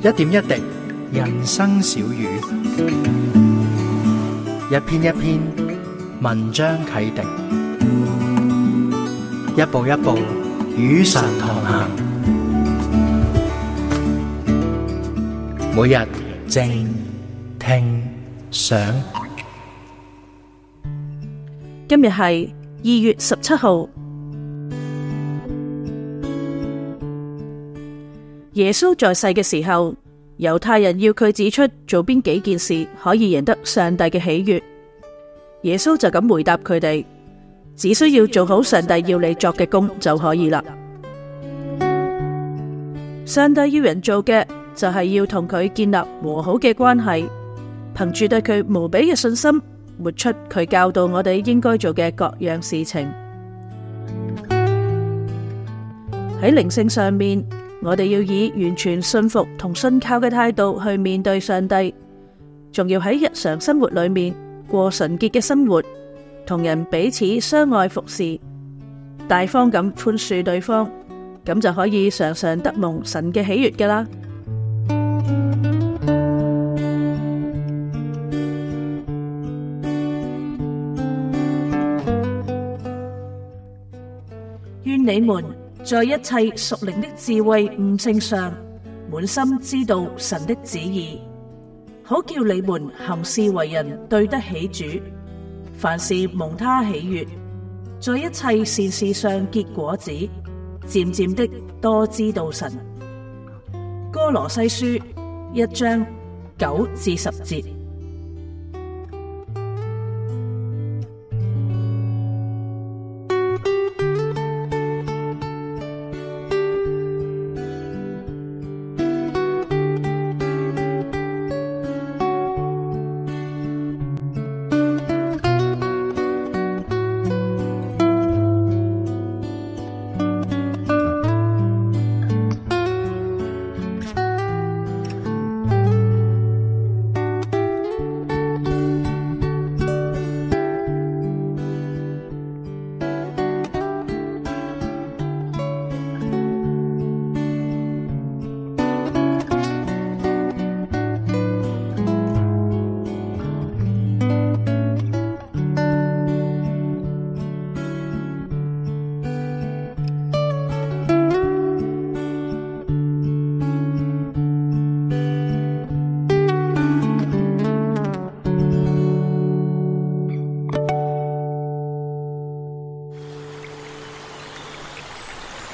一點一滴，人生小語；一篇一篇，文章啟迪；一步一步，與神同行。每日靜聽想，今日係二月十七號。耶穌在世嘅時候，猶太人要佢指出做邊幾件事可以贏得上帝嘅喜悦，耶穌就咁回答佢哋：只需要做好上帝要你作嘅工就可以啦。上帝要人做嘅就係要同佢建立和好嘅關係，憑住對佢無比嘅信心，活出佢教導我哋應該做嘅各樣事情，喺靈性上面，我哋要以完全信服同信靠嘅態度去面對上帝，仲要喺日常生活裏面過純潔嘅生活，同人彼此相愛服侍，大方咁寬恕對方，咁就可以常常得蒙神嘅喜悅㗎啦。願你們，在一切屬靈的智慧悟性上，滿心知道神的旨意，好叫你們行事為人對得起主，凡事蒙他喜悅，在一切善事上結果子，漸漸的多知道神。歌羅西書一章九至十節。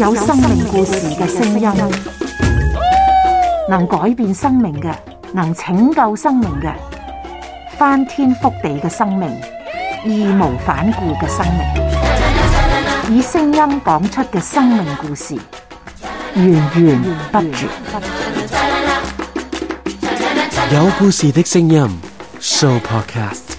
有生命故事嘅聲音，能改變生命嘅，能拯救生命嘅，翻天覆地嘅生命，義無反顧嘅生命，以聲音講出嘅生命故事，源源不絕。有故事嘅聲音，Sooo Podcast。